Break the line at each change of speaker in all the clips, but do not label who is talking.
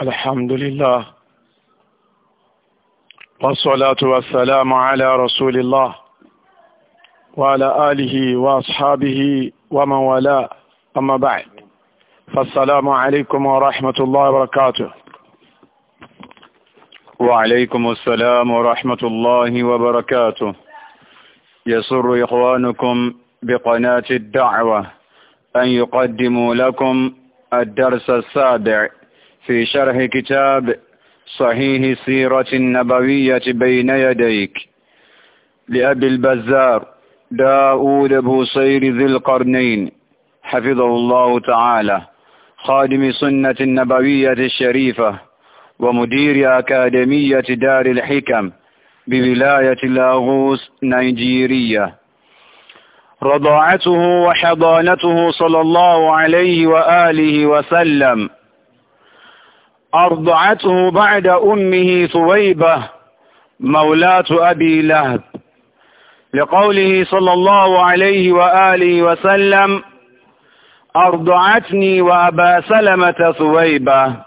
الحمد لله والصلاة والسلام على رسول الله وعلى آله وأصحابه ومن والاه أما بعد فالسلام عليكم ورحمة الله وبركاته
وعليكم السلام ورحمة الله وبركاته يسر إخوانكم بقناة الدعوة أن يقدموا لكم الدرس السابع في شرح كتاب صحيح سيرة النبوية بين يديك لأبي البزار داود بوصير ذي القرنين حفظه الله تعالى خادم سنة النبوية الشريفة ومدير أكاديمية دار الحكم بولاية لاغوس نيجيريا رضاعته وحضانته صلى الله عليه وآله وسلم أرضعته بعد أمه ثويبة مولاة أبي لهب لقوله صلى الله عليه وآله وسلم أرضعتني وأبا سلمة ثويبة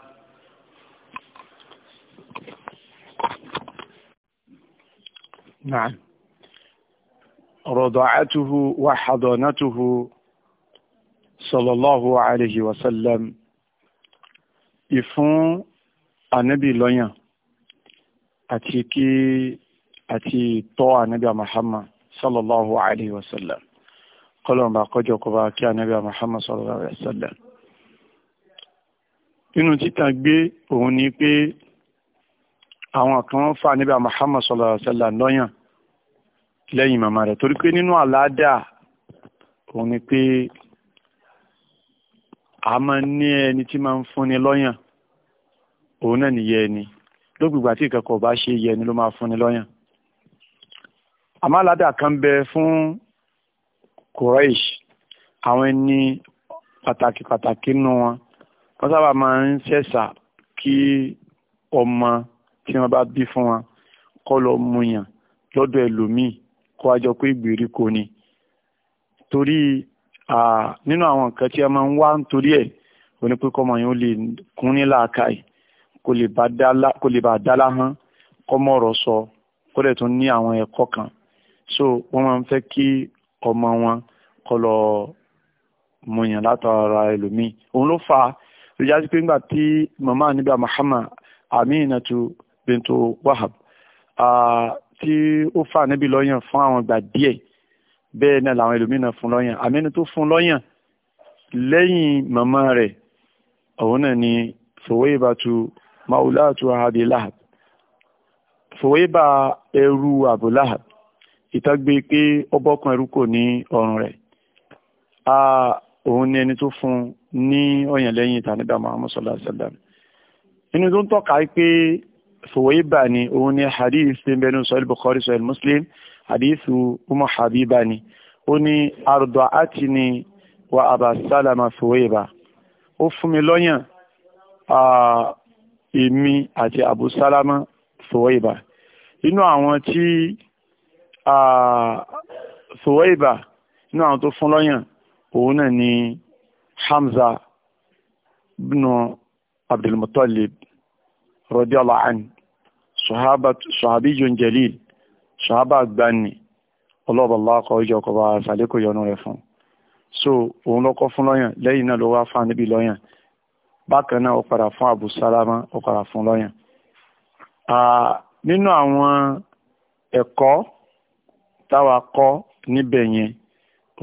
نعم
رضعته وحضانته صلى الله عليه وسلم ìfún ànábì lọ́yàn àti kí àti tọ́ ànábì Muhammad sallallahu alayhi wa sallam kọlọ̀n bá kọjọ kọ bá kí ànábì Muhammad sallallahu alayhi wa sallam inú títà gbé òun ni pé àwọn kan fa ànábì Muhammad sallallahu alayhi wa sallam lọ́yàn lẹ́yìn a máa ní ẹni tí máa ń fúnni lọ́yàn òun náà nìyẹ ẹni lókùgbà tí ìkẹ́kọ̀ọ́ bá ṣe yẹ ẹni ló máa fúnni lọ́yàn àmọ́ aládà kan bẹ fún Quraish àwọn ẹni pàtàkì pàtàkì nínú wọn wọ́n sábà máa ń ṣẹ̀ṣà kí ọmọ tí wọ́n bá bí fún wọn kọ́ lọ muyàn lọ́dọ̀ ẹlòmíì kó a pé ìgbèríko ni torí nínú àwọn nǹkan tí ẹ máa ń wá nítorí ẹ̀ òní pé kọ́mọ yẹn ó lè kún ní làákàyè kó lè bá dá láhán kọ́mọ ọ̀rọ̀ sọ kó dẹ̀ tún ní àwọn ẹ̀kọ́ kan so wọ́n máa ń fẹ́ kí ọmọ wọn kọ́ lọ mọ̀yàn látara ẹlòmíì òun ló fà á ló pé nígbà tí màmá níbi Muhammad Aminatu bintu Wahab tí ó fà níbi lọ́yàn fún àwọn ìgbà díẹ̀ bẹ́ẹ̀ náà làwọn ẹlòmíràn fún lọ́yàn àmẹ́ni tó fún lọ́yàn lẹ́yìn màmá rẹ̀ òun náà ni fòwébàtú maulatu abi fòwébà ẹrú abu lahab ìtàgbé pé ọbọ̀kan ẹrú kò ní ọrùn rẹ̀ a òun ni ẹni tó fún ní ọ̀yàn lẹ́yìn ìtàníbà muhammad sallallahu alaihi inú tó ń tọ́ka pé fòwébà ni òun ni hadith tí ń bẹnu sahih bukhari sahih muslim hadithu umu habiba ni ó ní arùdọ̀ àti ni wa abba salama suwaiba ó fún mi lọ́yàn èmi àti abu salama suwaiba inú àwọn tí suwaiba inú àwọn tó fún lọ́yàn òun náà ni hamza bnu abdulmutallib radiyallahu anhu sahabiyun jalil ṣàábà gbani ọlọ́ọ̀bà lákọ̀ ọjọ́ ọkọ̀ bá ṣàlékò yọnu rẹ̀ fún so òun lọ́kọ́ fún lọ́yàn lẹ́yìn náà ló wá fún níbi lọ́yàn bákan náà ó padà fún Abu Salama ó padà fún lọ́yàn nínú àwọn ẹ̀kọ́ táwa kọ́ níbẹ̀ yẹn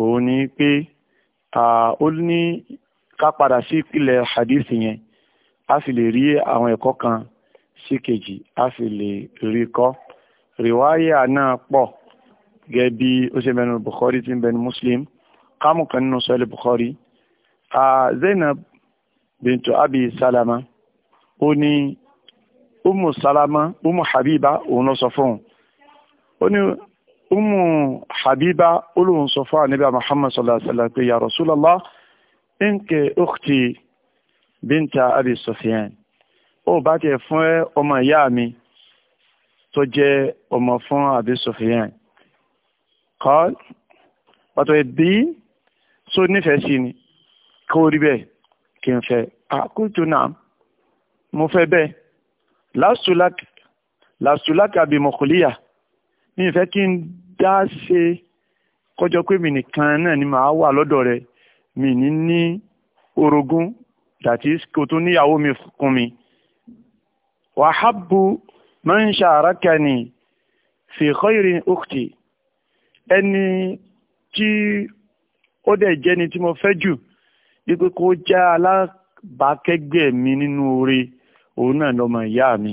òun ni pé ó ní ká padà sí ìpìlẹ̀ hadith yẹn a sì lè rí àwọn ẹ̀kọ́ kan sí kejì a sì lè rí kọ́ rìwáyà náà pọ̀ gẹ́gẹ́ bí ó ṣe mẹ́nu Bukhari tí ń bẹnu Muslim kámù kan nínú sọ́ọ̀lì Bukhari Zainab bintu Abi Salama ó ní umu Salama umu Habiba òun lọ sọ fún un ó ní umu Habiba olóhùn sọ fún àníbà Muhammad sallallahu alaihi wa pé ya Rasulallah inke ukhti binta Abi Sufyan ó bá tiẹ̀ fún ọmọ ìyá mi tó jẹ́ ọmọ fún àbí Sufyan kọ́l ọ̀tọ̀ ìbí tó nífẹ̀ẹ́ sí ni kó rí bẹ́ẹ̀ kí n fẹ́ àkójọ náà mo fẹ́ bẹ́ẹ̀ lásùlákì lásùlákì àbí mọ̀kòlíyà mi ìfẹ́ kí n dá ṣe kọjọ pé mi nìkan náà ni màá wà lọ́dọ̀ rẹ̀ mi ní ní orogún that is kò tún níyàwó mi kún mi wàhábù man sharakani fi khairin ukhti ẹni tí ó dẹ̀ jẹ́ni tí mo fẹ́ jù wípé kó já alábàákẹ́gbẹ́ mi nínú oore òun náà lọ́mọ ìyá mi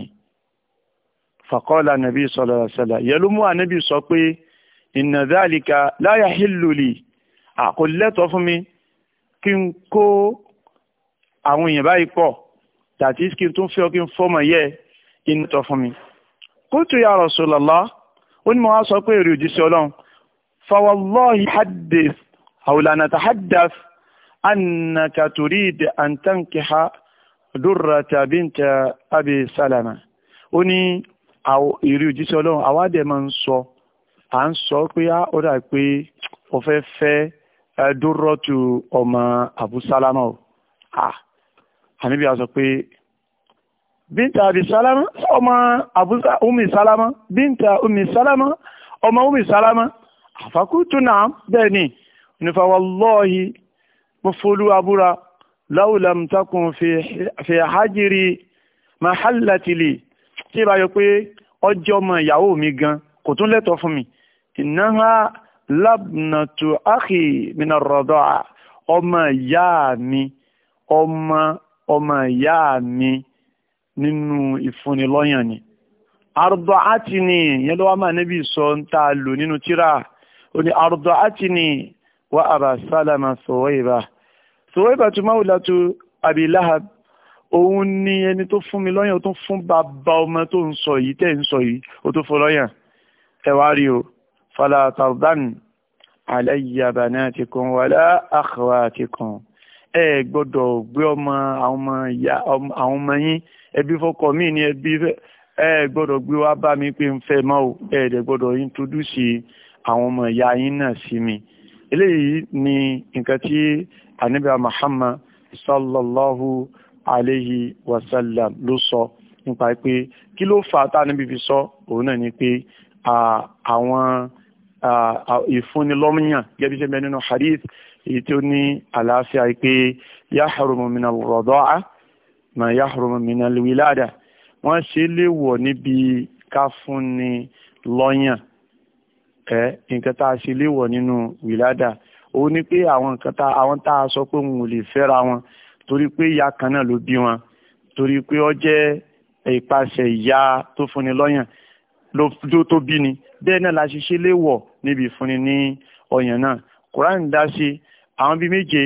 faqala nàbí sallallahu alaihi wasallam yẹlú mú ànábì sọ pé inna dhalika la yahillu li àkọlẹ́tọ̀ fún mi kí n kó àwọn èèyàn báyìí pọ̀ tàbí kí n tún fẹ́ kí n fọ́mọ yẹ kí ní tọ́ fún mi kútù ya Rasulullah ó ní mo wá sọ pé èrè òjíṣẹ́ ọlọ́run fawallahi haddith àwòlànà tahaddath annaka turid an tankiha durrata binta abi salama ó ní èrè òjíṣẹ́ ọlọ́run àwádẹ́ máa ń sọ à ń sọ pé á ó dà pé ó fẹ́ fẹ́ dúrọ́tù ọmọ àbúsálámà ó àníbi a sọ pé bínta àbí sálámà ọmọ àbúsá umi sálámà bínta umi sálámà ọmọ umi sálámà àfàkútù náà bẹ́ẹ̀ ni nífa wallahi mo folú abúra láwùlám takùn fi hajiri mahallatili tí ìbá yọ pé ọjọ́ ọmọ ìyàwó mi gan kò tún lẹ́tọ̀ fún mi ìnáhà labnatu akhi mina rọ̀dọ̀ ọmọ ìyá mi ọmọ ọmọ ìyá mi nínú ìfúnnilọ́yàn ni àrùdọ̀ àti ni yẹn ló wá máa níbi sọ ń ta lò nínú tíra ó ní àrùdọ̀ àti ni wà àbà sálàmà sọ̀wọ́ìbà sọ̀wọ́ìbà tó máa wùlá tó àbí láhàb òun ni ẹni tó fún mi lọ́yàn tó fún bàbá ọmọ tó ń sọ yìí tẹ́ ń sọ yìí ó tó fún lọ́yàn ẹ wá rí o fàlà tàrùdán alayya banatikum wàlá akhawatikum ẹ gbọ́dọ̀ gbé ọmọ àwọn ọmọ yín ẹbí fọkọ mi ní ẹbí ẹ gbọ́dọ̀ gbé wá bá mi pé ń fẹ́ mọ́ o ẹ dẹ̀ gbọ́dọ̀ introduce àwọn ọmọ ìyá yín náà sí mi eléyìí ni nǹkan tí ànábì Muhammad sallallahu alayhi wa sallam ló sọ nípa pé kí ló fà á tá níbi fi sọ òun náà ni pé àwọn ìfúnnilọ́mìyàn gẹ́bí ṣe mẹ́ nínú hadith èyí tí ní àlàáfíà pé yahrumu min al ma yahrum min al-wilada wọ́n ṣe léwọ̀ níbi ká fún ni lọ́yàn ẹ̀ nǹkan tá a ṣe léwọ̀ nínú wilada òun ni pé àwọn nǹkan tá àwọn tá a sọ pé wọn ò lè fẹ́ra wọn torí pé ìyá kan náà ló bí wọn torí pé ó jẹ́ ìpasẹ̀ ìyá tó fúnni lọ́yàn ló tó bí ni bẹ́ẹ̀ náà la ṣiṣẹ́ léwọ̀ níbi ìfúnni ní ọyàn náà Quran dá sí àwọn bíi méje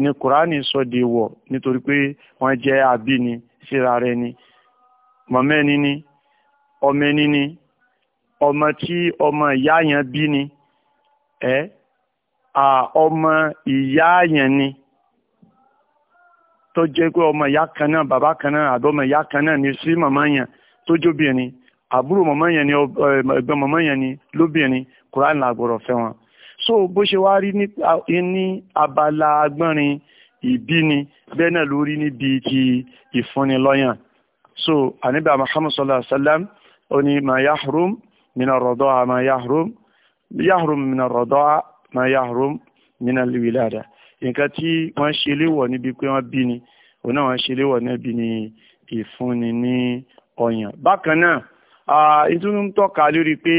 ni kùránì sọ di wọ nítorí pé wọ́n jẹ́ abi síra ni mọ̀mẹ́ni ni ọmẹni ni ọmọ tí ọmọ ìyá yẹn bí ni ẹ ọmọ ìyá yẹn ni tó jẹ́ pé ọmọ ìyá kan náà bàbá kan náà àbí ọmọ ìyá kan náà ni sí ni yẹn tó jóbìnrin àbúrò màmá yẹn ni ni lóbìnrin kùránì wọn. so bó ṣe wá rí ní abala agbọ́nrin ìbí ni bẹ́ẹ̀ náà ló rí níbi ti ìfúnni lọ́yàn so àníbà muhammad sallallahu alaihi wa sallam ó ní ma yahrum min ar-radaa ma yahrum yahrum min ar-radaa ma yahrum min al-wilada nǹkan tí wọ́n ṣe léwọ̀ níbi pé wọ́n bí ni òun náà wọ́n ṣe léwọ̀ níbi ni ìfúnni ní ọyàn bákan náà ìtúntún tọ́ka lórí pé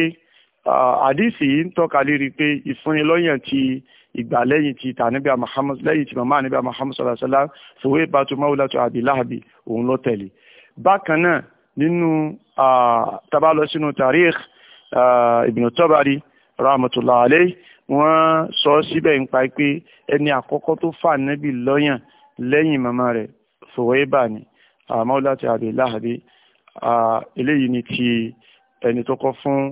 àdìsí yìí ń tọ́ka lérí pé ìfúnnilọ́yàn ti ìgbà lẹ́yìn ti tànibíà Muhammad lẹ́yìn ti màmá ànibíà Muhammad sallallahu alaihi wasallam fòwé bàtú mawlatu Abi Lahabi òun ló tẹ̀lé bákan náà nínú tábà lọ sínú tarikh Ibn Tabari rahmatullahi alayhi wọ́n sọ síbẹ̀ ń pa pé ẹni àkọ́kọ́ tó fà níbi lọ́yàn lẹ́yìn màmá rẹ̀ fòwébà ni mawlatu Abi Lahabi eléyìí ni ti ẹni tó kọ́ fún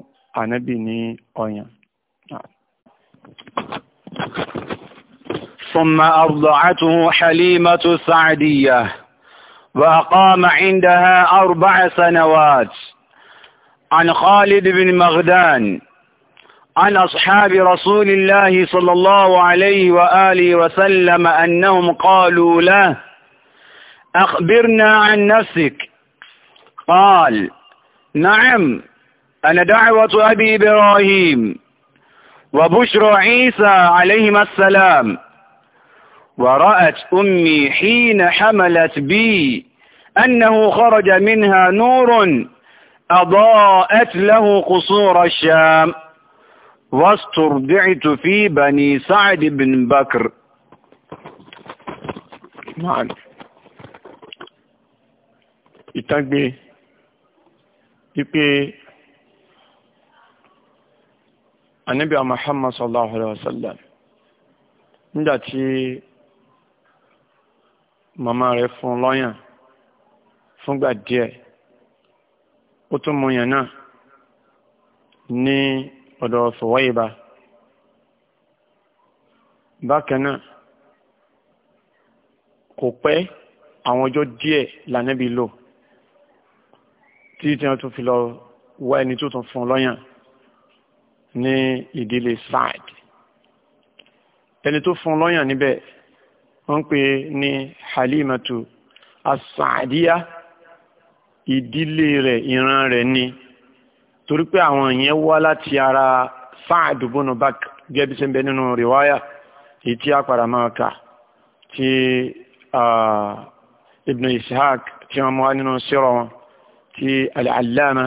ànábì ní
ثم أرضعته حليمة السعدية وأقام عندها أربع سنوات عن خالد بن مغدان عن أصحاب رسول الله صلى الله عليه وآله وسلم أنهم قالوا له أخبرنا عن نفسك قال نعم أن دعوة أبي إبراهيم وبشرى عيسى عليهما السلام ورأت أمي حين حملت بي أنه خرج منها نور أضاءت له قصور الشام واسترضعت في بني سعد بن بكر معنا نعم. ìtàgbé
يبقى anabi muhammad sallallahu alaihi wasallam nígbà tí màmá rẹ̀ fún lọ́yàn fúngbà díẹ̀ ó tún mú yàn náà ní ọ̀dọ̀ Suwayba bákan náà kò pẹ́ àwọn ọjọ́ díẹ̀ lànàbí lò títí tí fi lọ wá ẹni tó tún fún lọ́yàn ní ìdílé Saad ẹni tó fún lọ́yàn níbẹ̀ wọ́n pè ní Halimatu as-Saadiya ìdílé rẹ̀ ìran rẹ̀ ni torí pé àwọn yẹn wá láti ara Saad bunu Bak gẹ́bí sẹ́ńbẹ́ nínú rìwáyà èyí tí máa kà tí Ibn Ishaq tí wọ́n mú wá nínú sírọ̀ wọn tí al-Allama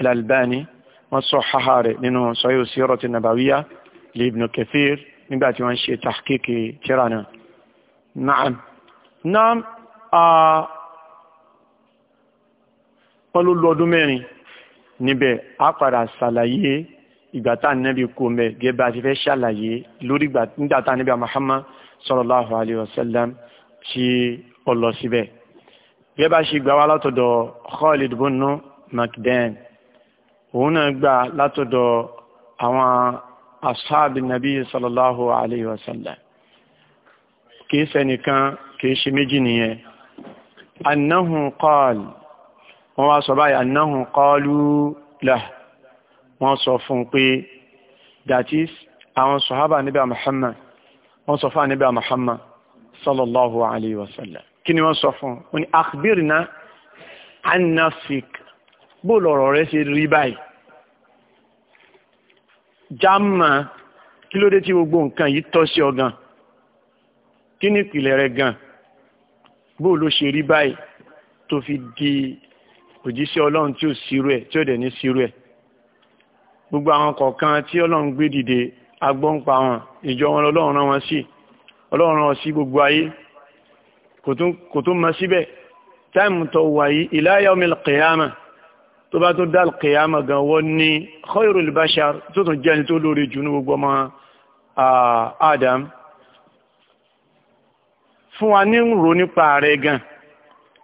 al-Albani al allama al wọ́n sọ haha rẹ̀ nínú sọ́yọ́ sírọ̀tì nàbàwíyá lè Ibn Kathir nígbà tí wọ́n ṣe tàkíkì tíra náà. Naam. Naam pẹ̀lú lọ́dún mẹ́rin níbẹ̀ á padà ṣàlàyé ìgbà tá níbi kò mẹ́ gẹ́gẹ́ bá ti fẹ́ ṣàlàyé lórí nígbà tá níbi Muhammad sallallahu alayhi wa sallam tí ó síbẹ̀. gẹ́gẹ́ ṣe gbà wá látọ̀dọ̀ Khalid bunu Makdan òun náà gbà látọ̀dọ̀ àwọn asáàbì nàbí sallallahu alayhi wa sallam kìí sẹ́nìkan kìí ṣe méjì nìyẹn annahu qala wọ́n wá sọ báyìí annahu qalu lah wọ́n sọ fún pé that is àwọn sọ̀hábà níbà Muhammad wọ́n sọ fún níbà Muhammad sallallahu alayhi wa sallam kí ni wọ́n sọ fún wọn ni akhbirna an bó lọ̀rọ̀ rẹ ṣe rí báyìí jámà kí ló dé tí gbogbo nǹkan yìí tọ́ sí ọ gan kí ni ìpìlẹ̀ rẹ gan bó ló ṣe rí báyìí tó fi di òjíṣẹ́ ọlọ́run tí ò sírú ẹ̀ tí ò dẹ̀ ní sírú ẹ̀ gbogbo àwọn kọ̀ọ̀kan tí ọlọ́run gbé dìde agbọ́npa wọn ìjọ wọn ọlọ́run rán wọn sí ọlọ́run rán sí gbogbo ayé kò tún mọ síbẹ̀ táìmù tó wà yìí ila yawmil qiyamah tó bá tó dá kìyàmà gan wọ́n ní khairul bashar tó tún jẹ́ ni tó lórí jù ní gbogbo ọmọ adam fún wa ní rò nípa rẹ̀ gan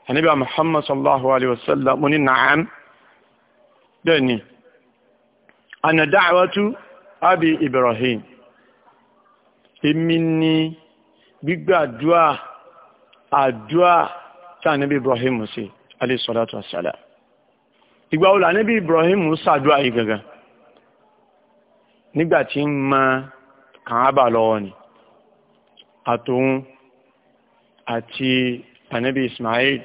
ànábì muhammad sallallahu alaihi wasallam ní na'am bẹ́ẹ̀ ni ana abi ibrahim èmi ni gbígbàdúà àdúà tí ànábì ibrahim sí alayhi salatu wassalam ìgbà wo lànà bí Ibrahim ṣàdúrà yìí gangan nígbà tí ń mọ kàábà lọ́wọ́ ni àtòun àti anabi Ismail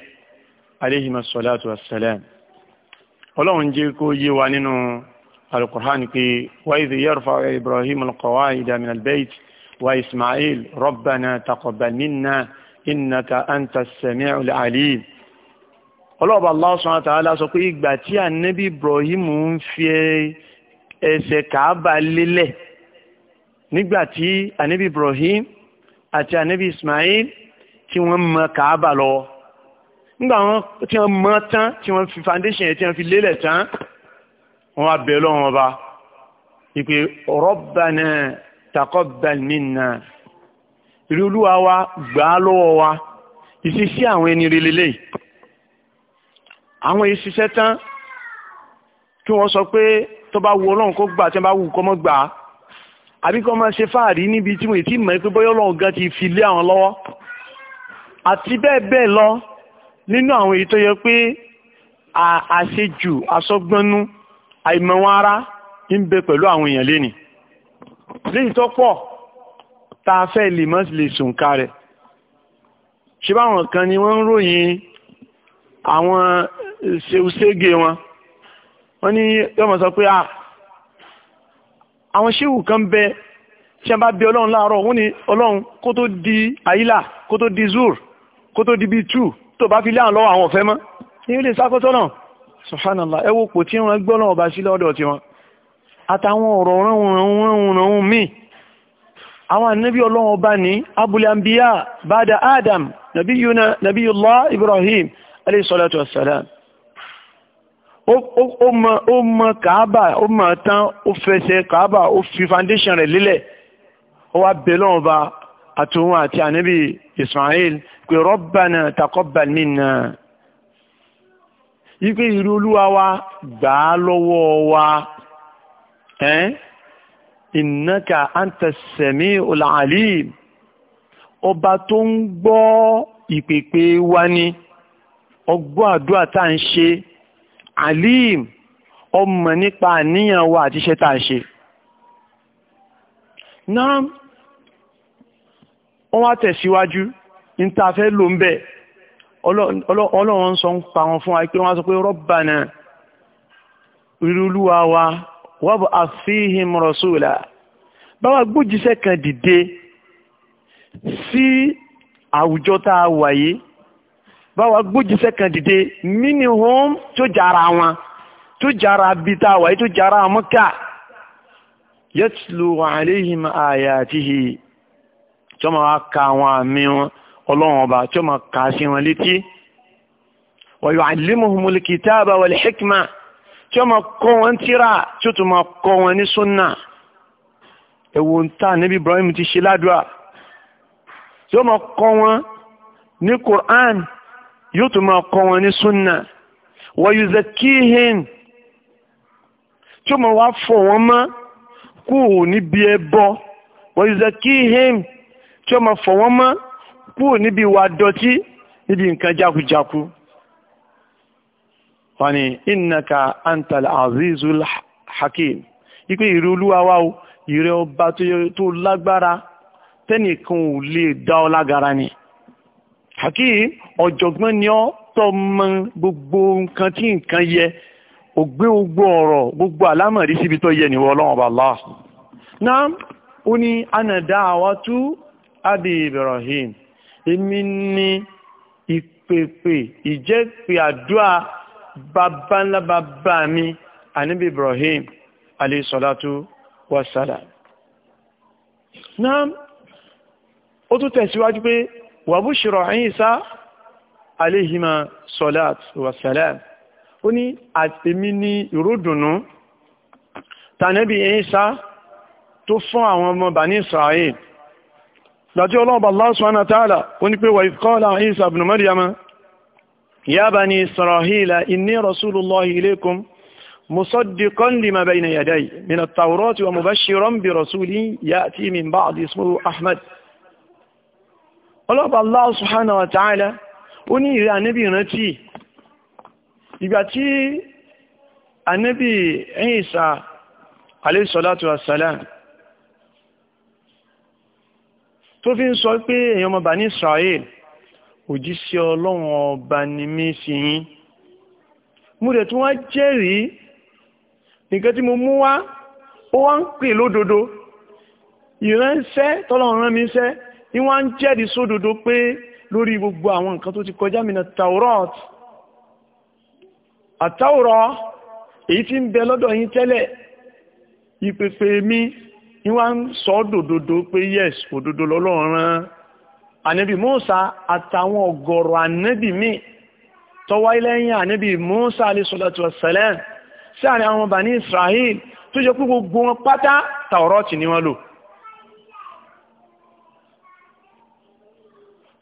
alayhima salatu wassalam ọlọ́run jẹ́ kó yé wa nínú alukur'an pé wa idh yarfa Ibrahim alqawaida min albayt wa Ismail rabbana taqabbal minna innaka anta as-sami'ul alim ọlọ́ọ̀bà Allah subhanahu wa ta'ala sọ pé ìgbà tí ànábì Ibrahim ń fi ẹsẹ̀ kàábà lélẹ̀ nígbà tí ànábì Ibrahim àti ànábì Ismail tí wọ́n mọ kàábà lọ nígbà wọn tí wọ́n mọ tán tí wọ́n fi foundation yẹn tí wọ́n fi lélẹ̀ tán wọ́n wá bẹ̀ lọ́wọ́n ọba ìpè Rabbana taqabbal minna ìrí olúwa wa gbà á lọ́wọ́ wa ìṣesí àwọn ẹni rẹ̀ lélẹ́yìí àwọn ìṣiṣẹ́ tán kí wọ́n sọ pé tó bá wu ọlọ́run kó gbà tí wọ́n bá wù kọ́ mọ́ gbà á àbí kọ́ máa ṣe fáàrí níbi tí wọ́n ti mọ̀ pé bóyá ọlọ́run gan ti fi lé àwọn lọ́wọ́ àti bẹ́ẹ̀ bẹ́ẹ̀ lọ nínú àwọn èyí tó yẹ pé àṣejù àsọgbọ́nú àìmọ̀wọ̀n ara ń bẹ pẹ̀lú àwọn èèyàn léni léyìí tó pọ̀ tá a fẹ́ lè mọ́ lè sùn ká rẹ̀ ṣé báwọn kan ni wọ́n ń ròyìn àwọn ṣeúṣégé wọn wọ́n ní yọ́mọ̀ sọ pé ah, àwọn ṣéwù kan bẹ tí a bá bẹ ọlọ́run láàárọ̀ wọ́n ní ọlọ́run kó tó di àyílà kó tó di zur kó tó di bí tù tó bá fi lé àwọn lọ́wọ́ àwọn ọ̀fẹ́ mọ́ ní ilé sákọ́tọ́ náà subhanallah ẹ wo pò tí wọ́n gbọ́ alayhi salatu wassalam O mọ kàábà ó mọ tán ó fẹsẹ̀ kàábà o fi foundation rẹ̀ lélẹ̀ ó wá bẹ̀ lọ́wọ́ bá àtòun àti ànábì Ismail pé Rabbana taqabbal minna ipe ìrú olúwa wa gbà á lọ́wọ́ wa innaka anta sami'ul alim ọba tó ń gbọ́ ìpèpè wa ọgbọ́n àdúrà tá à ń ṣe alim ọmọ nípa àníyàn wa àti iṣẹ́ tá à ń ṣe. náà wọ́n wá tẹ̀síwájú ní tá a fẹ́ lò ń bẹ̀ ọlọ́run sọ ń pa wọn fún wa pé wọ́n sọ pé Rabbana ìrúlúwa wa wọ́bù àfihìm rasúlà báwa gbójíṣẹ́ kan dìde sí àwùjọ tá a wà yìí báwa gbójúṣẹ́ kan dìde minihom tó jara wọn tó jara bíi tá a wáyé tó jara mọ́kà yẹtùlù àléhìm àyàtìhì tí wọ́n máa ka àwọn àmì wọn ọlọ́run ọba tí wọ́n máa kà sí wọn létí wa yu'allimuhumul kitaba wal hikma tí wọ́n máa kọ́ wọn tíra tí ó máa kọ́ wọn ní súnà ẹ̀wò ń tà níbi Ibrahim ti ṣe ládùá tí wọ́n máa kọ́ wọn ní Qur'an yóò tún máa kọ́ wọn ní súnà wọ́yùzẹ̀ kíhìn tí ó máa wá fọ̀ wọ́n mọ́ kú níbi ẹbọ wọ́yùzẹ̀ kíhìn tí ó máa fọ̀ wọ́n mọ́ kú níbi ìwà dọ̀tí níbi nǹkan jákujáku wọ́n ni innaka antal azizul hakim ipe ìrẹ olúwa wa o ìrẹ ọba tó lágbára tẹ́nìkan ò lè dá ọ lágara ni hakeem ọ̀jọ̀gbọ́n ni ọ́ tọmọ gbogbo nǹkan tí nǹkan yẹ ò gbé gbogbo ọ̀rọ̀ gbogbo àlámọ̀rí síbi tó yẹ nìwọ ọlọ́run ọba Allah náà ó ní anàdá àwátú abi Ibrahim èmi ní ìpèpè ìjẹ́pè àdúrà bàbá ńlá bàbá mi ànábì Ibrahim alayhi salatu wassalam náà ó tún tẹ̀síwájú pé wàbúṣìrọ̀ Ìsá aléhìmá sọ́lát wàsálàm ó ní àtèmi ní ìródùnú tànẹ́bí Ìsá tó fún àwọn ọmọ Bani Israel láti ọlọ́ọ̀bà Allah subhanahu wa ta'ala ó ní pé wà ìfkọ́lá Ìsá ibn Maryama ya Bani Israila ọlọ́pàá Allah subhanahu wa ta'ala ó ní ìrẹ́ ànábì ìrántí ìgbà tí ànábì Ìsá alayhi salatu wa salam tó fi ń sọ pé èyàn ọmọ bà ní Israel òjíṣẹ́ ọlọ́run ọba ni mí sí yín mú rẹ̀ tí jẹ́rìí nìkan tí mo mú wá ó wá ń pè lódodo ìránṣẹ́ tọ́lọ́run mi ṣẹ́ ni wọ́n ń jẹ́rìí sódodo pé lórí gbogbo àwọn nǹkan tó ti kọjá mìíràn Taurat àtàwòrán èyí tí ń bẹ lọ́dọ̀ yín tẹ́lẹ̀ ìpèpè mi ni wọ́n ń sọ dòdòdó pé yes òdodo lọ́lọ́run rán ànábì Mùsá àtàwọn ọ̀gọ̀rọ̀ ànábì míì tọwọ́ ilẹ́yìn ànábì Mùsá alayhi salatu wassalam sí àárín àwọn Bani Israel tó jẹ́ pé gbogbo wọn pátá Taurat ni wọ́n lò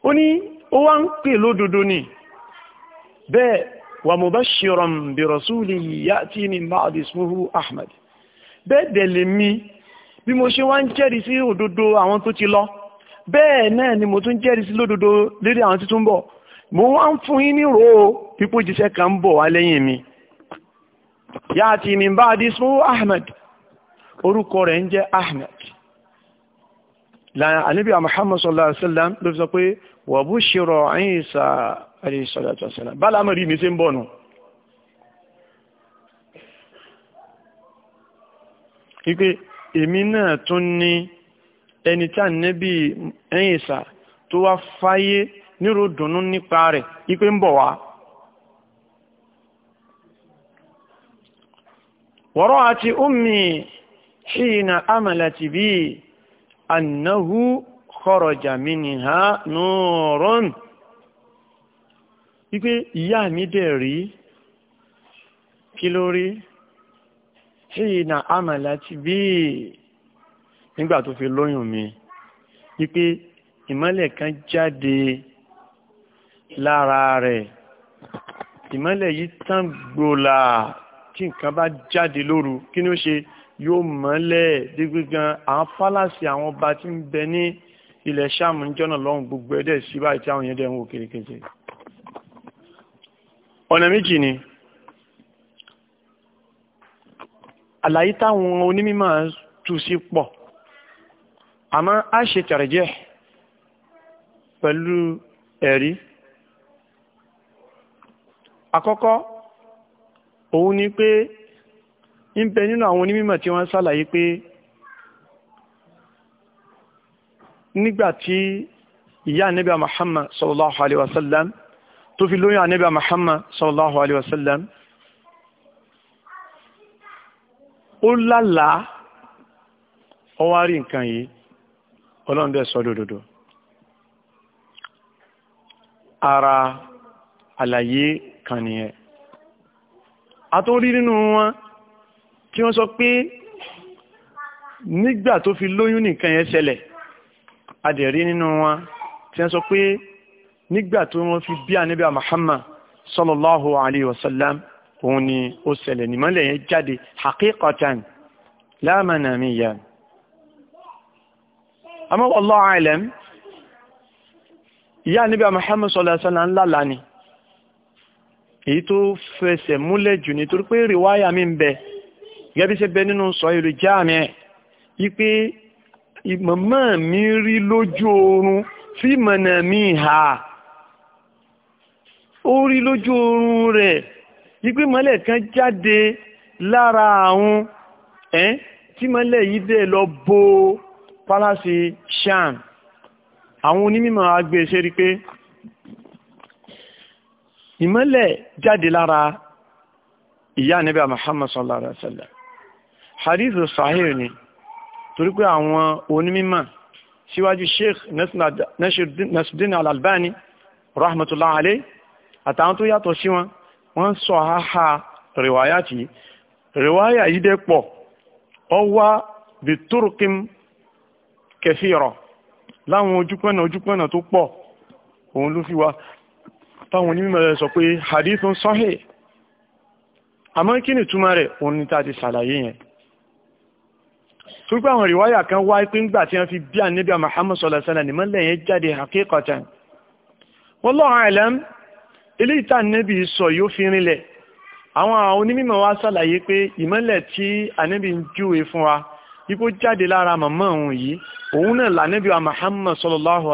ó ní ó wá ń pè lódodo ni bẹ́ẹ̀ wà mubashiran bi rasulin ya'ti min ba'di ismuhu ahmad bẹ́ẹ̀ dẹ̀ lè mi bí mo ṣe wá ń jẹ́rìí sí òdodo àwọn tó ti lọ bẹ́ẹ̀ náà ni mo tún jẹ́rìí sí lódodo lérí àwọn títún bọ̀ mo wá ń fún yín nírò pípò jíṣẹ́ kan ń bọ̀ wá lẹ́yìn mi ya'ti min ba'di ismuhu ahmad orúkọ rẹ̀ ń jẹ́ ahmad láàrín àníbí muhammadu sallallahu alaihi wasallam ló fi sọ pé wa bushira Isa alayhi salatu wassalam bá lámàrí mi sí ń bọ̀nù wípé èmi bi tún ní ẹni tí àníbí Isa tó wá fáyé nírò dùnú nípa rẹ̀ wípé ń bọ̀ wá wa ra'ati ummi hina amalat bi annahu kharaja minha nuran wípé ìyá mi dẹ̀ rí kí ló rí hìnà àmàlà ti bí nígbà tó fi lóyún mi wípé ìmọ́lẹ̀ kan jáde lára rẹ̀ ìmọ́lẹ̀ yìí tán gbòòlà tí nǹkan bá jáde lóru kí ni ó ṣe yóò mọ́lẹ̀ dígbì gan àwọn fálàsì àwọn ọba tí ń bẹ ní ilẹ̀ sàmù ń jọ́nà lọ́hùn gbogbo ẹ̀dẹ̀ sí báyìí tí àwọn yẹn dẹ̀ ń wò kérékéje. ọ̀nà méjì ni àlàyé táwọn onímọ̀ tú sí pọ̀ àmọ́ a ṣe tàrẹ́jẹ́ pẹ̀lú ẹ̀rí àkọ́kọ́ òun ni pé ń bẹ nínú àwọn onímọ̀ tí wọ́n sàlàyé pé nígbàtí ìyá ànábì Muhammad sallallahu alaihi wasallam tó fi lóyún ànábì Muhammad sallallahu alaihi wasallam ó lálàá ó wá rí nǹkan yìí ọlọ́run bẹ́ẹ̀ ara àlàyé kan nìyẹn a tó rí nínú wọn tí wọ́n sọ pé nígbà tó fi lóyún nìkan yẹn ṣẹlẹ̀ adẹ̀rí nínú wọn tí wọ́n sọ pé nígbà tó wọ́n fi bí ànábì Muhammad sallallahu alayhi wa sallam òun ni ó ṣẹlẹ̀ nímọ́lẹ̀ yẹn jáde haqiqatan la manamiyan àmọ́ wallahu a'lam ìyá ànábì Muhammad sallallahu alayhi wa sallam ńlá lánìí èyí tó fẹsẹ̀ múlẹ̀ jù nítorí pé rìwáyà mi ń bẹ gẹ́bí ṣe bẹ nínú sọ ìlú jáàmì wípé màmá mi rí lójú oorun fí mọ̀nà mi hà ó rí lójú oorun rẹ̀ wípé mọ́lẹ̀ kan jáde lára àwọn ẹ́ tí mọ́lẹ̀ yìí dẹ̀ lọ bo pálásì sham àwọn onímọ̀ agbẹ́ e ṣe rí pé ìmọ́lẹ̀ jáde lára ìyá Ànábì Muhammad sallallahu alaihi wasallam hadith sahih ni torí pé àwọn onímímọ̀ síwájú sheikh nasiruddin al-albani rahmatullahi alayhi àtàwọn tó yàtọ̀ sí wọn wọ́n sọ àhá rìwáyà tí rìwáyà yìí dẹ́ pọ̀ ọ wá bí turkin kẹfìrọ̀ láwọn ojúpẹ́nà ojúpẹ́nà tó pọ̀ òun ló fi wá táwọn onímọ̀ rẹ̀ sọ pé hadithun sahih àmọ́ kí ni túmọ̀ rẹ̀ òun ni tá a yẹn torí pé àwọn ìrìwáyà kan wá pé ńgbà tí wọ́n fi bí àníbíà Muhammad sallallahu alaihi wasallam ní mọ́lẹ̀ yẹn jáde haqiqatan wallahu a'lam ilé ìta àníbì sọ yóò fi rinlẹ̀ àwọn onímọ̀ wa sàlàyé pé ìmọ́lẹ̀ tí àníbì ń júwe fún wa ipò jáde lára màmá òun yìí òun náà làníbíà Muhammad sallallahu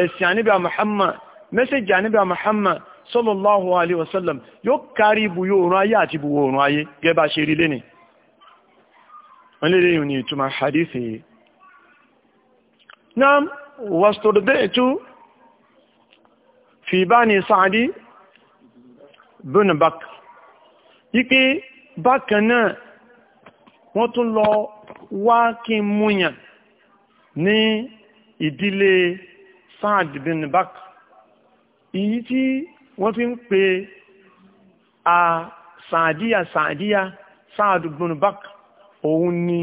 ẹ̀sìn àníbà Muhammad mẹ́sẹ̀jì àníbà Muhammad sallallahu alaihi wasallam yóò kárí ibùyọ oòrùn ayé àti ibùwọ̀ oòrùn ayé gẹ́bà ṣe rí lẹ́ni wọ́n lè rí ní ìtumà hadith yìí náà wastudbi'tu fi bani Sa'di bin Bakr yíké bákan náà wọ́n tún lọ wá kí Sa'ad bin Bakr èyí tí wọ́n fi ń pe a Sa'adíyà Sa'adíyà Sa'ad bin Bakr òun ni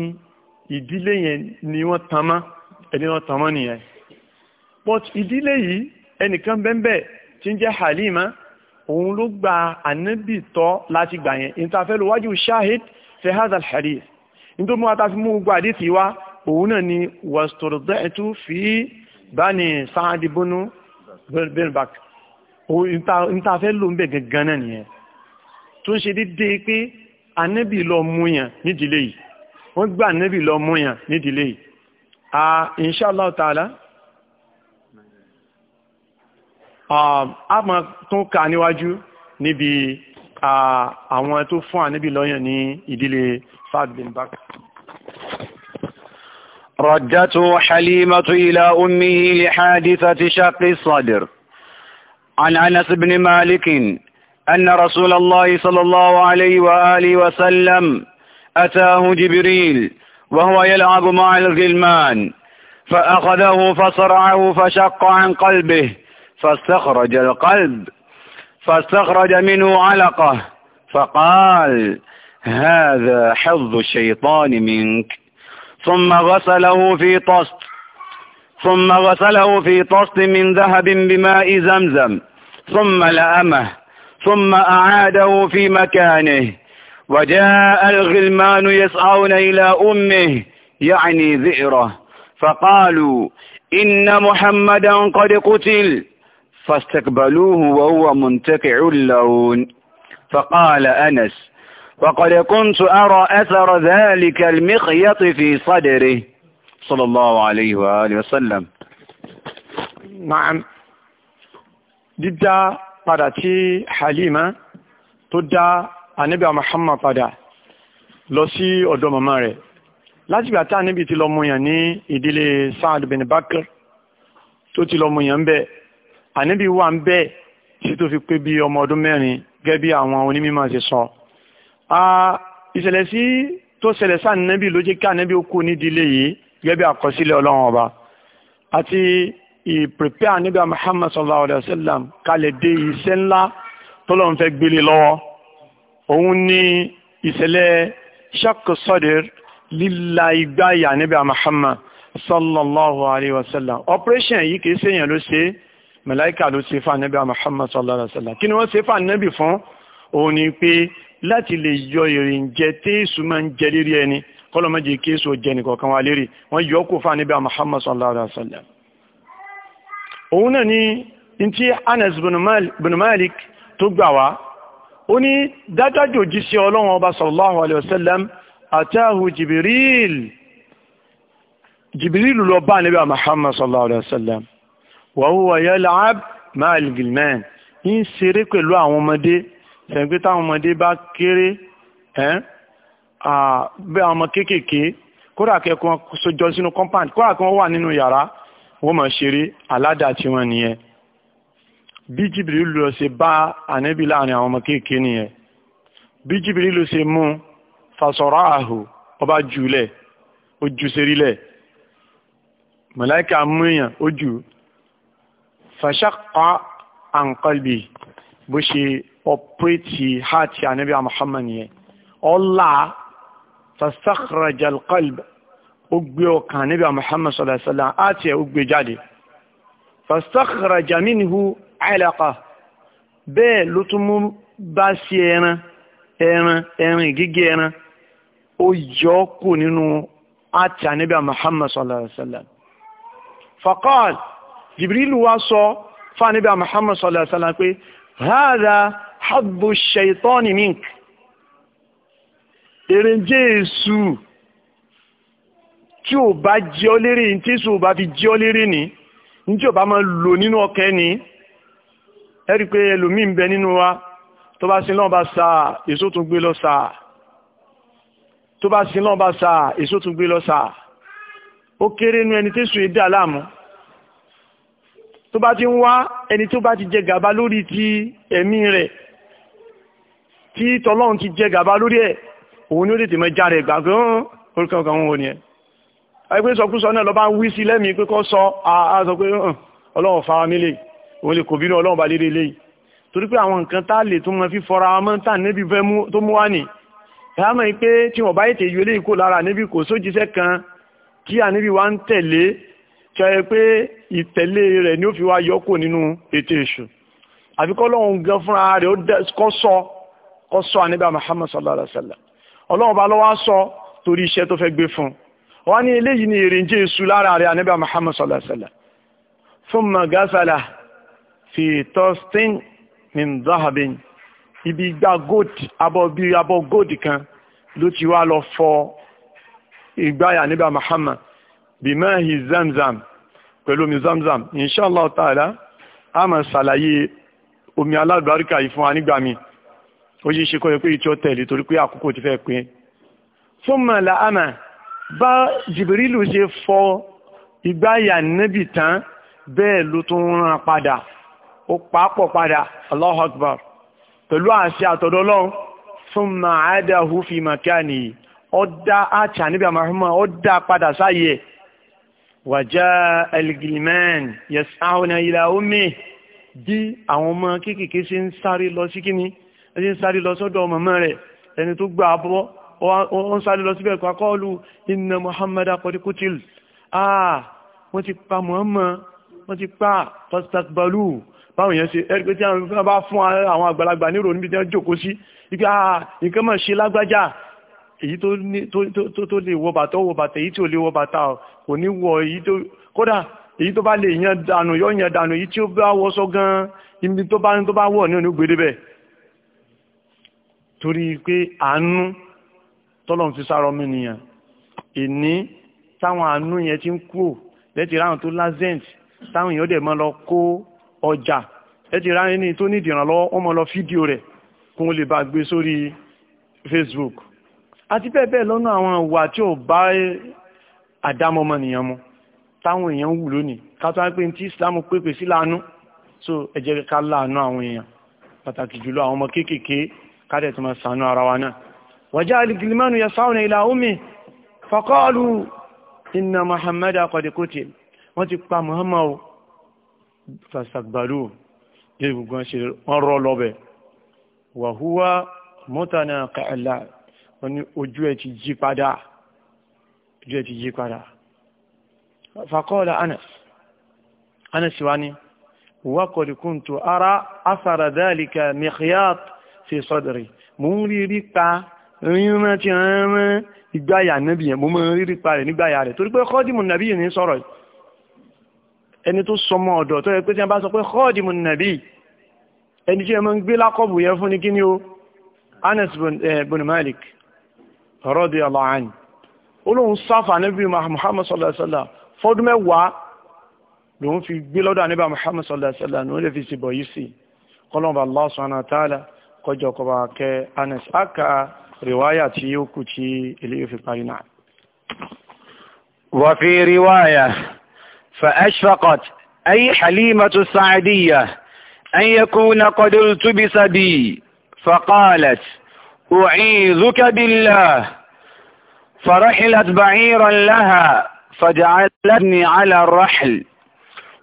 ìdílé yẹn ni wọ́n tamá ẹni wọ́n tamá nìyẹn but ìdílé yìí ẹnìkan bẹ́ẹ̀ tí ń jẹ́ Halima òun ló gba ànábì tọ́ láti gbà yẹn ìntàfẹ́lú wájú shahid fi al-hadith nítorí mú wa ta fi mú gbogbo àdìsí wa òun náà ni wàstọ̀rọ̀dẹ́ẹ̀tú fi bani sáàdì bónú bẹ́ẹ̀ bá níta fẹ́ ló ń bẹ̀ gangan náà nìyẹn tó ń ṣe dédé pé anẹ́bì lọ múyàn nídìílé yìí wọ́n gbà anẹ́bì lọ múyàn nídìílé yìí a inṣàlá tààlá a máa tún ka níwájú níbi àwọn tó fún anẹ́bì lọ́yàn ní ìdílé Saad bin
ردته حليمة إلى أمه لحادثة شق الصدر عن أنس بن مالك أن رسول الله صلى الله عليه وآله وسلم أتاه جبريل وهو يلعب مع الغلمان فأخذه فصرعه فشق عن قلبه فاستخرج القلب فاستخرج منه علقة فقال هذا حظ الشيطان منك ثم غسله في طست ثم غسله في طست من ذهب بماء زمزم ثم لأمه ثم أعاده في مكانه وجاء الغلمان يسعون إلى أمه يعني ذئره فقالوا إن محمدا قد قتل فاستقبلوه وهو منتقع اللون فقال أنس وقد كنت أرى أثر ذلك المخيط في صدره صلى الله عليه وآله وسلم نعم
dídá padà حليمة Halima النبي محمد Ànábì Muhammad padà ماري. sí ọ̀dọ̀ màmá rẹ̀ láti gbà tá Ànábì ti lọ mọ̀yàn ní ìdílé Saad bin Bakr tó ti lọ mọ̀yàn ń bẹ̀ Ànábì wà ń bẹ̀ sí tó fi pé bí ọmọ ọdún mẹ́rin gẹ́gẹ́ bí àwọn onímọ̀ ṣe sọ ìṣẹ̀lẹ̀ sí tó ṣẹlẹ̀ sáà nẹ́bí ló jẹ́ ká nẹ́bí ó kú nídìílé yìí gẹ́gẹ́ bí àkọsílẹ̀ ọlọ́run ọba àti ìprepare níbi Muhammad sallallahu alayhi wa sallam kalẹ̀ dé iṣẹ́ ńlá tọ́lọ́run fẹ́ gbélé lọ́wọ́ òun ni ìṣẹ̀lẹ̀ shakku sadr líla igbáyà níbi Muhammad sallallahu alayhi wa sallam operation yìí kìí ṣe èèyàn ló ṣe mẹ̀láìkà ló ṣe fún ànábì Muhammad sallallahu alayhi wa sallam kí ni wọ́n ṣe fún ànábì fún òun ni pé láti lè yọ ìrìnjẹ tí èsù máa ń jẹ lérí ẹni kọlọmọdé kí èsù jẹ nìkọ̀ọ̀kan wa lérí wọ́n yọ kó fà níbi Muhammad sallallahu alaihi wasallam òun náà ni tí Anas bin Malik tó gbà wá ó ní dájájò jí sí ọlọ́run ọba sallallahu alaihi wasallam àtàhù Jibril Jibril lọ bá níbi Muhammad sallallahu alaihi wasallam wa huwa gilman ń ṣeré pẹ̀lú àwọn ọmọdé sẹ̀ǹpé táwọn ọmọdé bá kéré bẹ́ẹ̀ àwọn ọmọ kéékèèké kódà kẹ́kọ̀ọ́ sojọ sínú compound kódà kí wọ́n wà nínú yàrá wọ́n máa ṣeré aládà tiwọn nìyẹn bí jìbìrì lọ ṣe bá ànẹ́bí láàrin àwọn ọmọ kéékèèké nìyẹn bí jìbìrì lọ ṣe mú fasọ̀rọ̀ àhò ọba jùlẹ̀ ó ju serílẹ̀ mọ̀láìkà mú èèyàn ó fàṣàkọ́ àǹkọ́lbì bó ṣe ọ̀pẹ́tì hàtì ànábì Muhammad yẹn ọlá fasakhraja alqalb ó gbé ọkàn ànábì Muhammad sallallahu alaihi wasallam àti ẹ̀ ó gbé jáde fasakhraja minhu alaqa bẹ́ẹ̀ ló tún mú bá sí ẹran ẹran ẹran ìgígé ẹran ó yọ kù nínú àti ànábì Muhammad sallallahu alaihi wasallam faqal Jibril wá sọ fún ànábì Muhammad sallallahu alaihi wasallam pé hádàá haddu shaitani mink èrèǹjẹ́ èṣù tí ò bá jẹ́ ọ lérí tí èṣù ò bá fi jẹ́ ọ lérí ní tí ò bá máa lò nínú ọkẹ́ ní ẹ̀rí pé ẹlòmí ń bẹ nínú wa tó bá sin lọ́nà bá sáà èṣù tún gbé lọ sáà tó bá sin lọ́nà bá sáà èṣù tún gbé lọ sáà ó kéré nú ẹni tí èṣù èdè aláàmú tó bá ti ń wá ẹni tó bá ti jẹ gàba lórí ti ẹ̀mí rẹ̀ tí tọ́lọ́run ti jẹ gàba lórí ẹ̀ òun ni ó tètè mọ́ já rẹ̀ gbà gan orúkọ kan wọn ni ẹ̀ ẹgbẹ́ sọkúsọ náà lọ bá ń wí sí lẹ́mìí pé kọ́ sọ àásọ pé ọlọ́run fara mi lè òun lè kò bínú ọlọ́run bá lédè léyìí torí pé àwọn nǹkan tá lè tó mọ fífọra ọmọ tá níbi fẹ́ tó mú wá nì dáhàmọ́ yìí pé tí wọ́n bá yètè yọ eléyìí kó lára níbi kò sójíṣẹ́ kan kí àníbi wa ń tẹ̀lé tí wọ́n yẹ pé ìtẹ̀lé rẹ̀ ni ó fi wá yọkò nínú ètò èṣù àfikọ́ lọ́hùn gan fúnra rẹ̀ ó kọ́ sọ kọ́ sọ àníbà Muhammad sallallahu alaihi wa sallam ọlọ́run bá lọ́wọ́ sọ torí iṣẹ́ tó fẹ́ gbé fún wọ́n ní eléyìí ni èrìnjẹ èṣù lára rẹ̀ àníbà Muhammad sallallahu alaihi wa sallam thumma ghasala fi tostin min dhahabin ibi igbá gold abọ́ bí abọ́ gold kan ló ti wá lọ fọ ìgbáyà àníbà Muhammad bimahi zamzam pẹ̀lú omi zamzam inshallah ta'ala a máa ṣàlàyé omi alábàríkà yìí fún ó yí ṣe kọ́ yẹ pé ìtí ọ̀tẹ̀lẹ̀ torí pé àkókò ti fẹ́ pín fún mọ̀lá àmà bá jìbìrìlù ṣe fọ ìgbáyà níbì tán bẹ́ẹ̀ ló tún rán padà ó pàápọ̀ padà Allahu Akbar pẹ̀lú àṣẹ àtọ̀dọ́lọ́run fún màádáhù fi màkánì ọ̀dá àṣà níbi àmàhùmá ọ̀dá padà sáyẹ̀ wàjá elgilman yẹsáhùn ilà omi bí àwọn ọmọ kéékèèké ṣe ń sáré lọ sí kíni ẹni sáré lọ sọ́dọ̀ màmá rẹ̀ ẹni tó gbà bọ́ o ń sáré lọ síbẹ̀ kọ́kọ́ọ̀lù inna muhammad akọ̀díkútil ah wọ́n ti pa muhammad wọ́n ti pa pastakbalu báwọn yẹn ṣe ẹgbẹ́ tí àwọn bá fún àwọn àgbàlagbà nírò níbi tí wọ́n jókòó sí ipe ah nǹkan mọ̀ ṣe lágbájá èyí tó lè wọ bàtà ó wọ bàtà èyí tí ò lè wọ bàtà kò ní wọ èyí tó kódà èyí tó bá lè yan dànù yọ yan dànù èyí tí ó bá wọṣọ gan ibi tó bá wọ̀ ní òní gbèdébẹ̀ torí pé àánú tọ́lọ́n fi sára ọmọ ènìyàn ìní táwọn àánú yẹn ti ń kú lẹ́tì ráhùn tó lázẹ́ǹt táwọn èèyàn dẹ̀ mọ́ lọ kó ọjà lẹ́tì ráhùn ẹni tó nídìí ìrànlọ́wọ́ wọ́n mọ́ lọ fídíò rẹ̀ kó wọ́n lè bá gbé sórí Facebook àti bẹ́ẹ̀ bẹ́ẹ̀ lọ́nà àwọn ìwà tí ò bá àdámọ́ ọmọnìyàn mu táwọn èèyàn ń wù lónìí kátó wáyé pé ní tí Islam pépè sí láàánú so ẹ jẹ́ ká láàánú àwọn èèyàn pàtàkì jùlọ àwọn ọmọ kéékèèké قرية ما صانوا روانا وجاء الجلمان يصعون إلى أمه فقالوا إن محمد قد قتل وتبقى مهمه فاستقبلوه يبقى قنشر مرة لبه وهو متناقع الله ونجوية جيبادا جوية جيبادا فقال أنس أنس واني وقد كنت أرى أثر ذلك مخياط fi sọ́dọ̀rì mò ń rí rí pa ríran tí rán ìgbáyà nábì yẹn mo mọ́ rí rí pa rẹ̀ nígbáyà rẹ̀ torí pé kọ́dìmù nàbí yìí ní sọ̀rọ̀ ẹni tó sọmọ ọ̀dọ̀ tó yẹ pé tí wọ́n bá sọ pé kọ́dìmù nàbí ẹni tí wọ́n gbé lákọ̀bù yẹn fún ní kí ni o Anas bin eh, Malik radiyallahu anhu olóhun sáfà níbi Muhammad sallallahu fọ́dún mẹ́wàá lòun fi gbé lọ́dọ̀ àníbà Muhammad sallallahu lòun lè fi ṣìbọ̀ yìí sí kọlọ́mbà Allah subhanahu wa ta'ala kọjọ kọba kẹ anas aka riwaya tí yóò kù tí ilé yóò fi parí náà.
وفي رواية فأشفقت أي حليمة السعدية أن يكون قد التبس بي فقالت أعيذك بالله فرحلت بعيرا لها فجعلتني على الرحل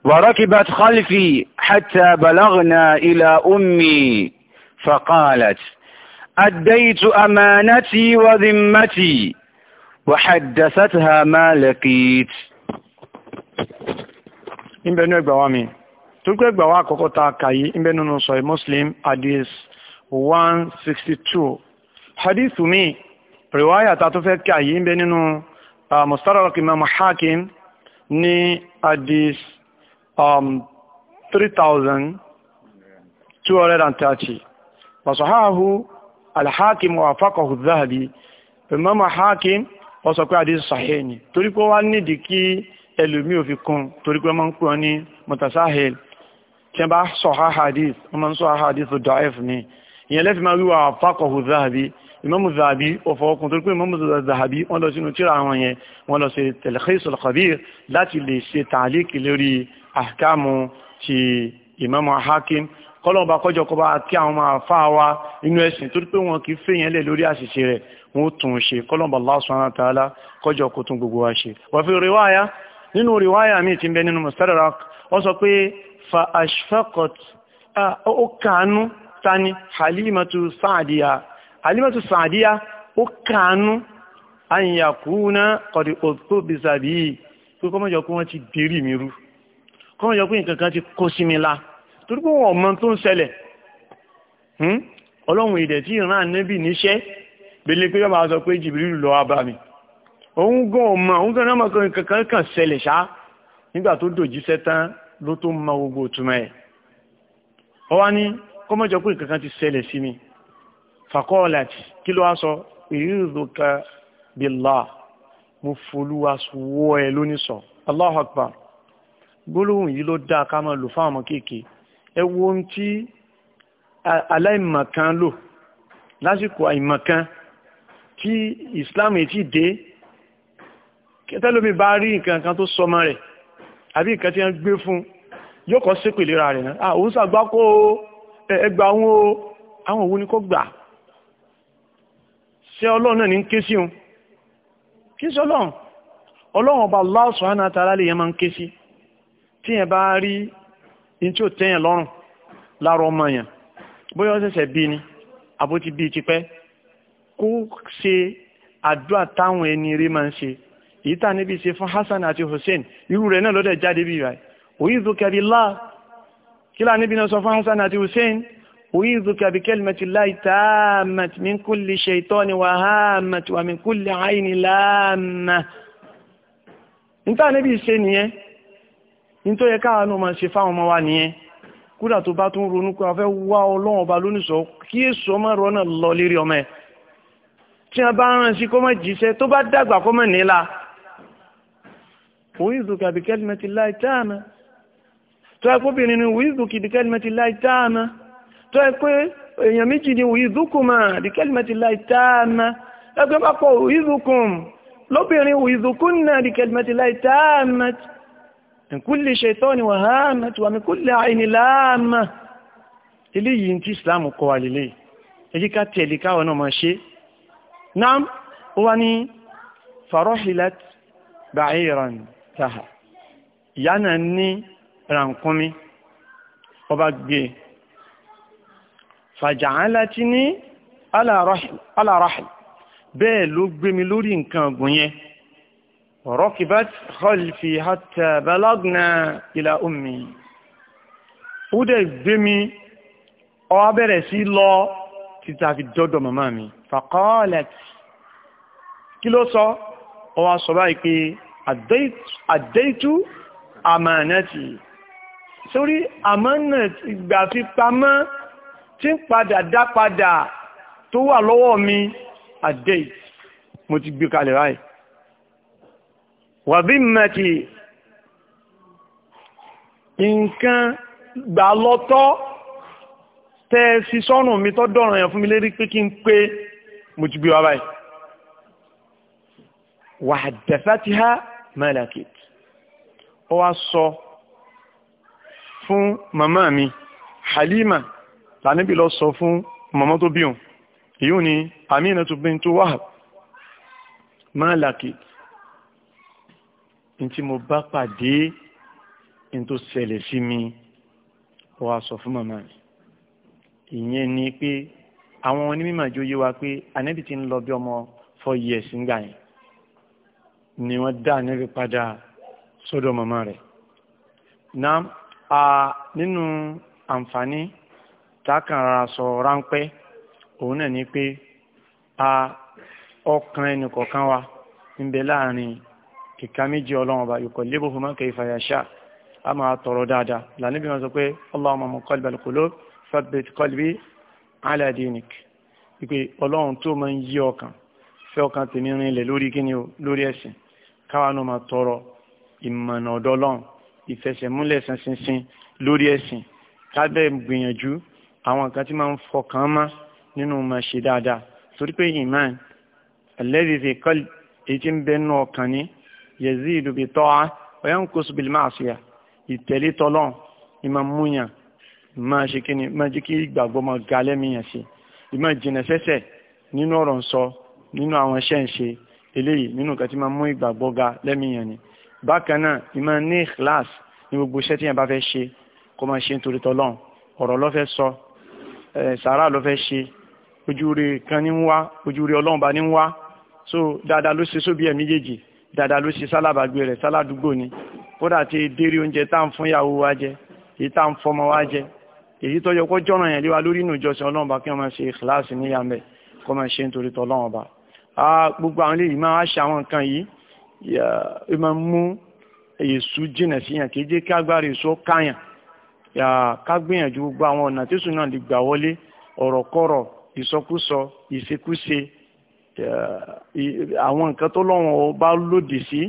وركبت خلفي حتى بلغنا إلى أمي فقالت أديت أمانتي وذمتي وحدثتها ما لقيت ìbẹ̀nú ẹgbà wa mi tó gbé ẹgbà wa àkọ́kọ́
ta kàyí ìbẹ̀nú nù sọ Muslim hadith 162 hadith mi riwaya ta tó fẹ́ kàyí ìbẹ̀ nínú ah, mustarak imam hakim ní hadith um, 3230 wasahahu alhakim wa faqahu dhahabi imam hakim ó sọ pé hadith sahih ni torí pé wá ní di kí ẹlòmí ò fi kún torí pé man ko ni mutasahil tí bá sọ ha hadith man sọ ha hadith da'if ni ìyẹn lè fi ma wí wa faqahu dhahabi imam dhahabi ó fo kún torí pé imam dhahabi wọ́n lọ sínú tírà àwọn yẹn wọ́n lọ ṣe talkhis al-khabir láti lè ṣe ta'liq lórí ahkamu ti imam hakim kọ́lọ́ọ̀bá kọjọ kọba kí àwọn máa fà wá inú ẹ̀sìn torí pé wọn kì í fèèyàn lẹ̀ lórí àṣìṣe rẹ̀ wọn ó tún ṣe kọ́lọ́ọ̀bá Allah subhanahu kọjọ kó tún gbogbo wa ṣe. wà fi nínú rìwáyà mi ti bẹ nínú Mustadrak wọ́n sọ pé fa ashfaqat ó kàánú tani Halimatu Sa'diya Halimatu Sa'diya ó kàánú àyìnyàkúnà kọ̀dì òtó bìsàbí kó kọ́mọ̀jọ pé wọ́n ti dérí mi rú kọ́mọ̀jọ pé nǹkan kan ti kó sí mi la torí wọn ọmọ tó ń ṣẹlẹ̀ hmm? ọlọ́run ìdẹ̀ tí ìran ànẹ́bì níṣẹ́ belé pé yọba sọ pé jìbìrìlù lọ abá mi òun gan ọmọ òun gan náà mọ̀kàn kankan kan ṣẹlẹ̀ ṣá nígbà tó dòjíṣẹ́ tán ló tó mọ gbogbo òtúmọ̀ ẹ̀ ọ ní kọ́mọ́jọ pé kankan ti ṣẹlẹ̀ sí mi fàkọ́ọ̀láti kí ló wá sọ ìrírùkà mo ẹ sọ gbólóhùn yìí ló dáa ká máa lò fáwọn ọmọ ẹ wo ohun tí aláìmọ̀kan lò lásìkò àìmọ̀kan tí Islam ètí dé kẹtẹ́lómi bá rí nǹkan kan tó sọmọ rẹ̀ àbí nǹkan tí wọ́n gbé fún yóò kọ́ sí pèlera rẹ̀ náà òun sàgbá kó ẹgbà wọn àwọn òun ni kó gbà ṣé ọlọ́run náà ní ké sí òun kí sí ọlọ́run ọlọ́run ọba Allah subhanahu wa ta'ala lè yẹn máa ń ké sí tí yẹn bá rí in tí ó tẹ́yàn lọ́rùn lára ọmọ yẹn bóyá ó ṣẹ̀ṣẹ̀ bí ni àbótí bí tipẹ́ kó ṣe àdúrà táwọn ẹni rí máa ń ṣe èyí tà níbi ṣe fún Hassan àti Hussein irú rẹ̀ náà lọ́dẹ̀ jáde bí rẹ̀ u'idhuka billah kí là níbi náà sọ fún Hassan àti Hussein u'idhuka bi kalimatillahi tammati min kulli shaytani wa hammati wa min kulli ayni lammah níta níbi ṣe nìyẹn ní tó yẹ káà náà máa ṣe fáwọn ọmọ wa nìyẹn kúrà tó bá tún ronú pé a fẹ́ wá ọlọ́run ọba lónìṣọ́ kí èso ọmọ ẹ̀rọ náà lọ lérí ọmọ ẹ̀ tí a bá rán sí kọ́mọ̀ jíṣẹ́ tó bá dàgbà kọ́mọ̀ nílá ni wíìzùkì bí kẹ́lìmẹ́tì láì táàmà tó ẹ pé èèyàn méjì ni wíìzùkùmà bí kẹ́lìmẹ́tì láì táàmà ẹgbẹ́ min kulli shaytani wa hammat wa min kulli ayni lammah eléyìí tí islam kọ́ wa lélẹ̀ ẹjíká tẹ̀lé káwọn náà máa ṣe náà ó wá ní farohilat ba'iran taha ìyá náà ní rànkúnmí ọba gbé e. fàjàálàtí ní alárahìl bẹ́ẹ̀ ló gbé mi lórí nǹkan ọgbọ̀n yẹn ركبت خلفي حتى بلغنا إلى أمي ó dẹ̀ gbé mi ó wá bẹ̀rẹ̀ sí lọ títà fi dọ́dọ̀ màmá mi faqalat kí ló sọ ó wá sọ báyìí pé addaytu amanati sórí àmánà ìgbà fi pamọ́ tí ń padà dá padà tó wà lọ́wọ́ mi addaytu mo ti gbé kalẹ̀ báyìí wàbímẹ̀tì nǹkan gbà lọ́tọ́ tẹ́ sí sọ́nù mi tọ́ dọ̀rọ̀ yẹn fún mi lérí pé kí n pé mo ti gbé wa báyìí wàdẹ̀fẹ́tìhá malakit ó wá sọ fún màmá mi Halima tàníbí lọ sọ fún màmá tó bí òun èyí ò ní Aminatu bintu Wahab malakit ntí mo bá pàdé ntó ṣẹlẹ̀ sí mi wọ́n á sọ fún màmá mi ìyẹn ni pé àwọn onímọ̀ àjò yé wa pé ànábì ti ń lọ bí ọmọ four years ńgbà yẹn ni wọ́n dá ànábì padà sọ́dọ̀ màmá rẹ̀ náà a nínú àǹfààní tákàrà sọ ráńpẹ́ òun náà ni pé a ọkàn ẹnìkọ̀ọ̀kan wa ń bẹ láàrin kìka méjì ọlọ́run ọba yuqallibuhuma kayfa yasha a máa tọrọ dáadáa lànà bí wọ́n sọ pé Allahumma muqallibal qulub thabbit qalbi ala dinik wípé ọlọ́run tó máa ń yí ọkàn fẹ́ ọkàn tèmi rinlẹ̀ lórí kíni o lórí ẹ̀sìn káwa náà máa tọrọ ìmọ̀nà ọ̀dọ̀ ìfẹsẹ̀múlẹ̀ ṣinṣin lórí ẹ̀sìn kábẹ́ gbìyànjú àwọn nǹkan tí máa ń fọkàn má nínú máa ṣe dáadáa torí pé iman alladhi fi èyí tí ń bẹ nínú ọkàn ní yazidu bi ta'a wa yanqusu bil ma'siyah ìtẹ̀lé tọ́lọ́n ìmọ̀ múyàn máa ṣe kí ni máa jẹ́ kí ìgbàgbọ́ máa ga lẹ́mìyàn sí ìmọ̀ jìnà sẹ́sẹ̀ nínú ọ̀rọ̀ ń sọ nínú àwọn iṣẹ́ ń ṣe eléyìí nínú nǹkan ga lẹ́mìyàn ni bákan náà ìmọ̀ ní ikhlas ní gbogbo iṣẹ́ tí yẹn bá fẹ́ ṣe kó máa ṣe nítorí tọ́lọ́n ọ̀rọ̀ ló fẹ́ sọ sàárà ló fẹ́ ṣe ojú rere kan ní ń wá ojú rere ọlọ́run bá ní ń so dáadáa ló ṣe sóbi dáadáa ló ṣe sálábàgbé rẹ̀ sáládùúgbò ni kódà tí dérí oúnjẹ tá ń fún ìyàwó wa jẹ èyí tá ń fọmọ wa jẹ èyí tó yẹ kó jọ̀ràn yẹn léwa lórí inú ìjọsìn ọlọ́run bá kí wọ́n máa ṣe ìkíláàsì níyàmẹ́ kó máa ṣe nítorí tọ́lọ́run bá gbogbo àwọn eléyìí máa ṣe àwọn nǹkan yìí ẹ máa mú èsù jìnà sí yàn kéje kí agbára èso káyàn ká gbìyànjú gbogbo àwọn ọ̀nà tí sùn náà lè gbà wọlé ọ̀rọ̀kọ̀rọ̀ ìsọkúsọ ìṣekúṣe Eh, àwọn nǹkan tó lọ́wọ́n bá lòdì sí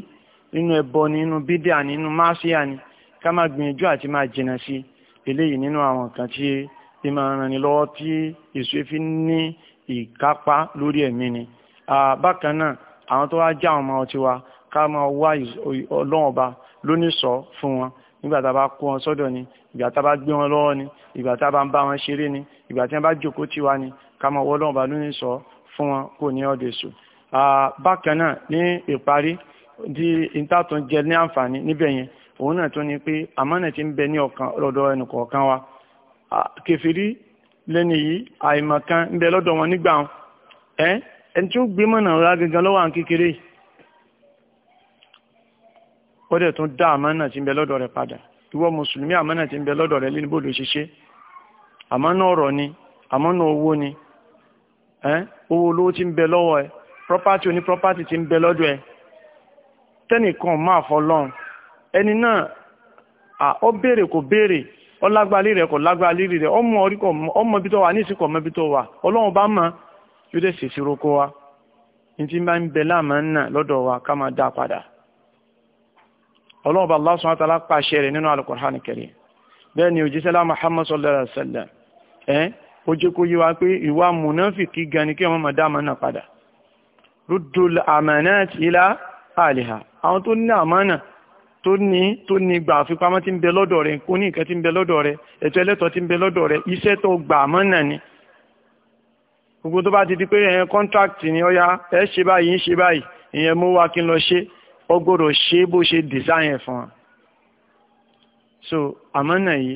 nínú ẹbọ nínú bídíà nínú máṣíà ni ká máa gbìyànjú àti máa jìnà sí eléyìí nínú àwọn nǹkan tí ẹ máa lọ́wọ́ tí èso fi ní ìkápá lórí ẹ̀mí ni bákan náà àwọn tó wá já àwọn ọmọ tiwa ká máa wá ọlọ́wọ́n ba lónìṣọ́ fún wọn nígbà tá a bá kó wọn sọ́dọ̀ ni ìgbà tá a bá gbé wọn lọ́wọ́ ni ìgbà tá a bá ń bá wọn ṣeré ni ìgbà tí wọn bá jókòó tiwa ni ká máa wọ́ ọlọ́wọ́n ba lónìṣọ́ fún wọn kò ní ọdẹ èṣù bákan náà ní ìparí di ìtàtún jẹ ní àǹfààní níbẹ̀ yẹn òun náà tún ni pé àmánà ti ń bẹ ní ọ̀kan lọ́dọ̀ wa kẹfìrí lẹ́ni yìí àìmọ̀kan ń bẹ lọ́dọ̀ wọn nígbà wọn ẹ tí ó gbé mọ̀nà ọ̀rá gangan lọ́wọ́ àwọn kékeré yìí ó dẹ̀ tún dá ń bẹ lọ́dọ̀ padà ìwọ mùsùlùmí ń ni owó ni owó olówó ti ń bẹ lọ́wọ́ ẹ property oní ti ń bẹ lọ́dọ̀ ẹ ma máa fọlọ́run ẹni náà ó béèrè kò béèrè ó lágbálí rẹ̀ kò lágbálí rẹ̀ ọmọ orí kò ọmọ ibi tó wà ní ìsìnkò ọmọ ibi tó wà ọlọ́run bá mọ̀ yóò wa ní ti ń bẹ láàmú wa ká máa dá a padà ọlọ́run bá pàṣẹ nínú bẹ́ẹ̀ ni ó jẹ́ kó yé wa pé ìwà mùnáfìkì gan ni kí wọ́n máa dá ruddul amanat ila aliha àwọn tó ní àmánà tó ní tó ní gbà àfipamọ́ tí ń bẹ lọ́dọ̀ rẹ̀ kó ní nǹkan tí ń bẹ lọ́dọ̀ rẹ̀ ẹ̀tọ́ ẹlẹ́tọ̀ tí ń bẹ lọ́dọ̀ rẹ̀ iṣẹ́ tó gbà ni gbogbo tó bá ti di pé ẹ̀yẹn kọ́ńtrákìtì ni ọya ẹ̀ ṣe báyìí ń ṣe báyìí ìyẹn wa kí n lọ ṣe ọgbọ́dọ̀ ṣe bó ṣe dìsáyẹn fún so amana yìí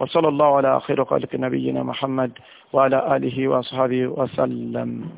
وصلى الله على خير خلق نبينا محمد وعلى آله وأصحابه وسلم